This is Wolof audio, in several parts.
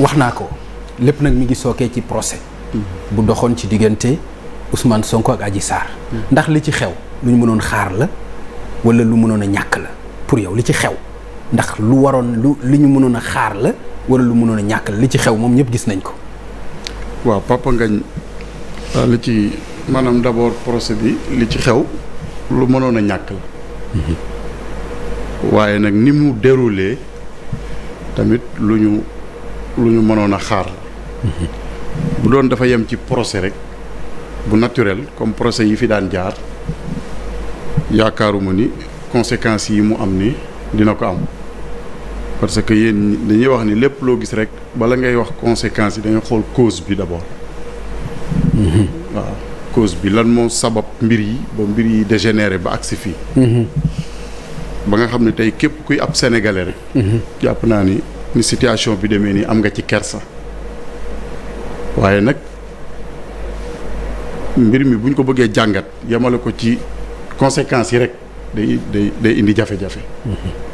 wax naa ko lépp nag mi ngi sookee ci procès bu doxoon ci diggante Ousmane Sonko ak Adji Sarr ndax li ci xew lu ñu mënoon xaar la wala lu mënoon a ñàkk la pour yow li ci xew ndax lu waroon lu li ñu mënoon a xaar la wala lu mënoon a ñàkk li ci xew moom ñëpp gis nañ ko waaw Papa Ngagne ah, li ci maanaam d'abord procès bi li ci xew lu mënoon a ñàkk la mhm. waaye nag ni mu déroulé tamit lu ñu lu ñu mënoon a xaar bu doon dafa yem ci procès rek bu naturel comme procès yi fi daan jaar yaakaaruma ni conséquence yi mu am ni dina ko am parce que yéen dañuy wax ni lépp loo gis rek bala ngay wax conséquence yi da nga xool cause bi d'abord waaw cause bi lan moo sabab mbir yi ba mbir yi dégénéré ba agsi fii mm-hmm. ba nga xam ne tey képp kuy ab sénégalais rek mm-hmm. jàpp naa ni ni situation bi demee nii am nga ci kersa waaye nag mbir mi buñ ko bëggee jàngat yemale ko ci conséquences yi rek day day day indi jafe-jafe.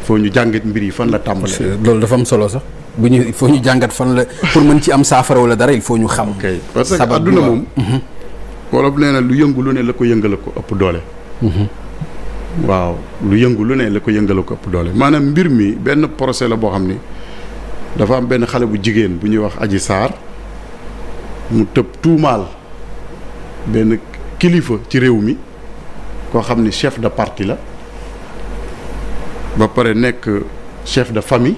foo ñu jàngat mbir yi fan la tàmbalee. loolu dafa am solo sax. bu ñu il faut ñu jàngat fan la pour mën ci am saafara wala dara il faut ñu xam. ok parce que àdduna moom. Mhm. wolof nee na lu yëngu lu ne la ko yëngala ko ëpp doole. Mhm. waaw lu yëngu lu ne la ko yëngala ko ëpp doole maanaam mbir mi benn procès la boo xam ni. dafa am benn xale bu jigéen bu ñuy wax aji saar mu tëb tuumaal benn kilifa ci réew mi koo xam ni chef de parti la ba pare nekk chef de famille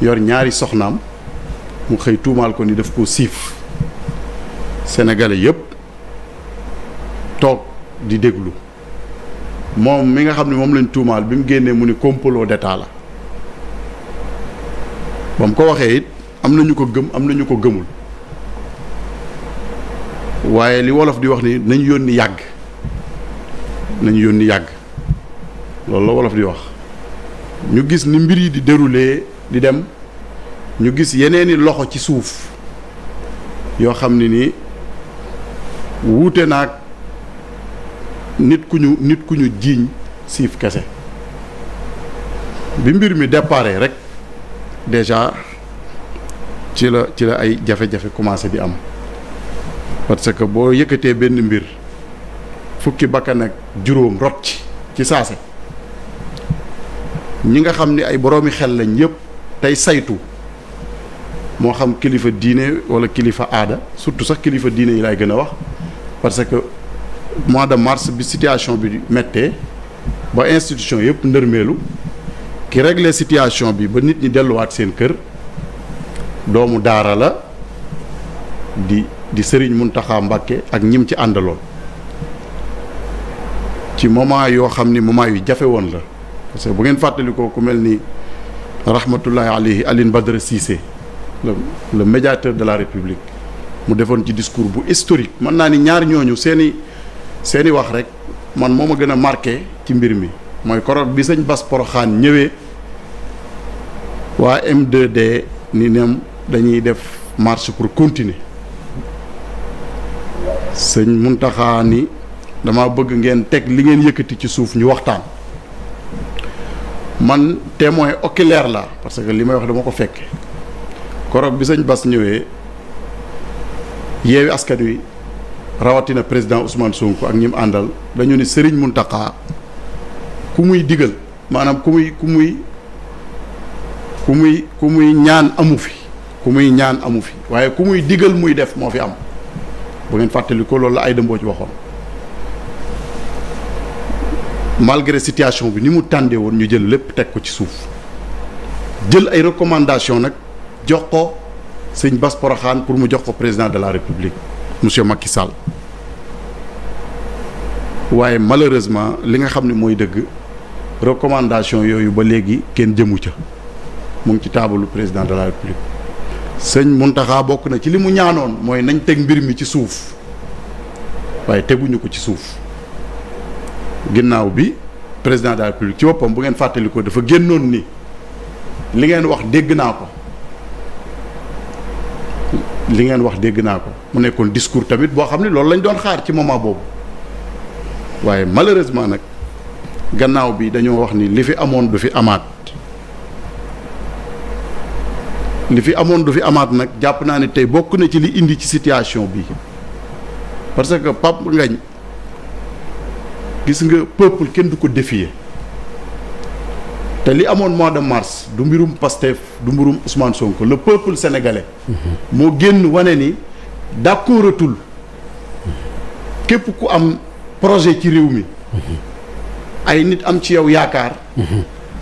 yor ñaari soxnaam mu xëy tuumaal ko ni daf ko siif sénégalais yëpp toog di déglu moom mi nga xam ne moom lañ tuumaal bi mu génnee mu ni complot d'état la ba ko waxee it am na ñu ko gëm am na ñu ko gëmul waaye li wolof di wax ni nañ yónni yàgg nañu yónni yàgg loolu la wolof di wax ñu gis ni mbir yi di dërulee di dem ñu gis yeneeni loxo ci suuf yoo xam ne nii wuute naag nit ku ñu nit ku ñu jiiñ siif kese bi mbir mi déparé rek déjà ci la ci la ay jafe-jafe commencé bi am parce que boo yëkkatee benn mbir fukki bakkan ak juróom rot ci ci saase ñi nga xam ni ay boroomi xel lañ yëpp tey saytu moo xam kilifa diine wala kilifa aada surtout sax kilifa diine yi laay gën a wax parce que mois de mars bi situation bi mettee ba institution yëpp ndërmeelu ki régler situation bi ba nit ñi delluwaat seen kër doomu daara la di di sëriñ Muntaxa Mbàkke ak ñim ci àndaloon ci moment yoo xam ni moment yu jafe woon la parce que bu ngeen fàttalikoo ku mel ni rahmatullahi alayhi Aline Badara Cissé le le médiateur de la République mu defoon ci discours bu historique mën naa ni ñaar ñooñu seeni seeni wax rek man moo ma gën a marqué ci mbir mi mooy koroot bi sëñ Bas Poroxaan ñëwee waa M2D dañuy def marche pour continuer sëñ Muntaxa ni dama bëgg ngeen teg li ngeen yëkkati ci suuf ñu waxtaan man te témoin oculaire la parce que li may wax dama ko fekk korog bi sëñ Bas ñëwee yeewi askan wi rawatina président Ousmane Sonko ak ñim àndal dañu ni Serigne Muntaxa ku muy digal maanaam ku muy ku muy ku muy ku muy ñaan amu fi ku muy ñaan amu fi waaye ku muy digal muy def moo fi am bu ngeen fàttali ko loolu la ay dëmboo ci waxoon malgré situation bi ni mu tàndee woon ñu jël lépp teg ko ci suuf jël ay recommandations nag jox ko sëñ Bass Porokhane pour mu jox ko président de la république monsieur Macky Sall waaye malheureusement li nga xam ni mooy dëgg. recommandation yooyu ba léegi kenn jëmu ca mu ngi ci taabalu président de la république sëñ Muntaxa bokk na ci li mu ñaanoon mooy nañ teg mbir mi ci suuf waaye teguñu ko ci suuf ginnaaw bi président de la république ci boppam bu ngeen fàttali ko dafa génnoon ni li ngeen wax dégg naa ko li ngeen wax dégg naa ko mu nekkoon diskuur tamit boo xam ne loolu lañ doon xaar ci moment boobu waaye malheureusement nag gannaaw bi dañoo wax ni li fi amoon du fi amaat li fi amoon du fi amaat nag jàpp naa ne tey bokk na ci li indi ci situation bi parce que Pape Ngagne gis nga peuple kenn du ko défier te li amoon mois de mars du mbirum Pastef du mbirum Ousmane Sonko le peuple sénégalais moo génn wane ni d'accordatul képp ku am projet ci réew mi ay nit am ci yow yaakaar.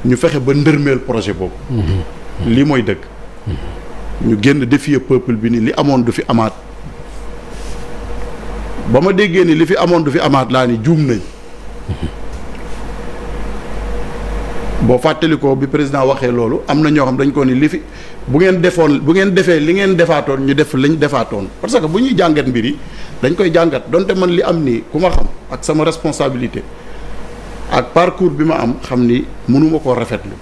ñu fexe ba ndërmeel projet boobu. lii mooy dëgg. ñu génn défier peuple bi ni li amoon du fi amaat ba ma déggee ni li fi amoon du fi amaat laa ni juum nañ. boo fàttalikoo bi président waxee loolu am na ñoo xam dañ ko ni li fi bu ngeen defoon bu ngeen defee li ngeen defaatoon ñu def lañu defaatoon parce que bu ñuy jàngat mbir yi dañ koy jàngat donte man li am nii ku ma xam ak sama responsabilité. ak parcours bi ma am xam ni mënuma koo rafetlu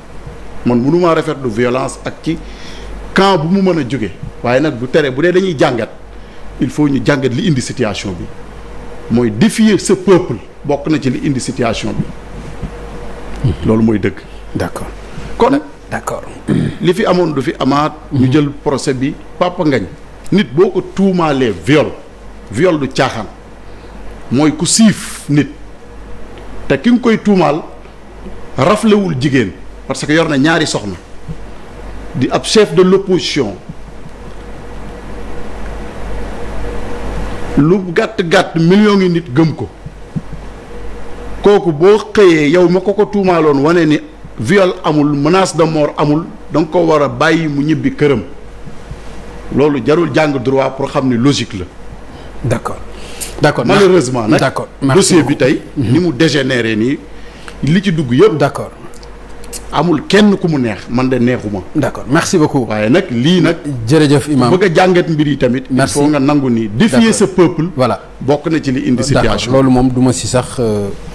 man mënumaa lu violence ak ci camps bu mu mën a jóge waaye nag du tere bu dee dañuy jàngat il faut ñu jàngat li indi situation bi mooy défier ce peuple bokk na ci li indi situation bi mhm. loolu mooy dëgg d'accord kon d'accord li fi amoon du fi amaat mhm. ñu jël procès bi Papa Ngagne nit boo ko tuumaalee viole viole du caaxaan mooy ku siif nit te ki nga koy tuumaal raflewul jigéen parce que yor na ñaari soxna di ab chef de l'opposition lu gàtt gàtt million ngi nit gëm ko kooku boo xëyee yow ma ko ko tuumaaloon wane ni viol amul menace de mort amul da nga ko war a bàyyi mu ñibbi këram loolu jarul jàng droit pour xam ni logique la d'accord d'accord malheureusement nag d'accord dossier bi tey mhm. ni mu dégénéré nii li ci dugg yëpp d'accord amul kenn ku mu neex man de neexuma d'accord merci beaucoup waaye nag lii nag jërëjëf imam bëgg a jàngat mbir yi tamit il nga nangu nii défier ce peuple voilà bokk na ci li indi situation loolu moom duma si sax euh,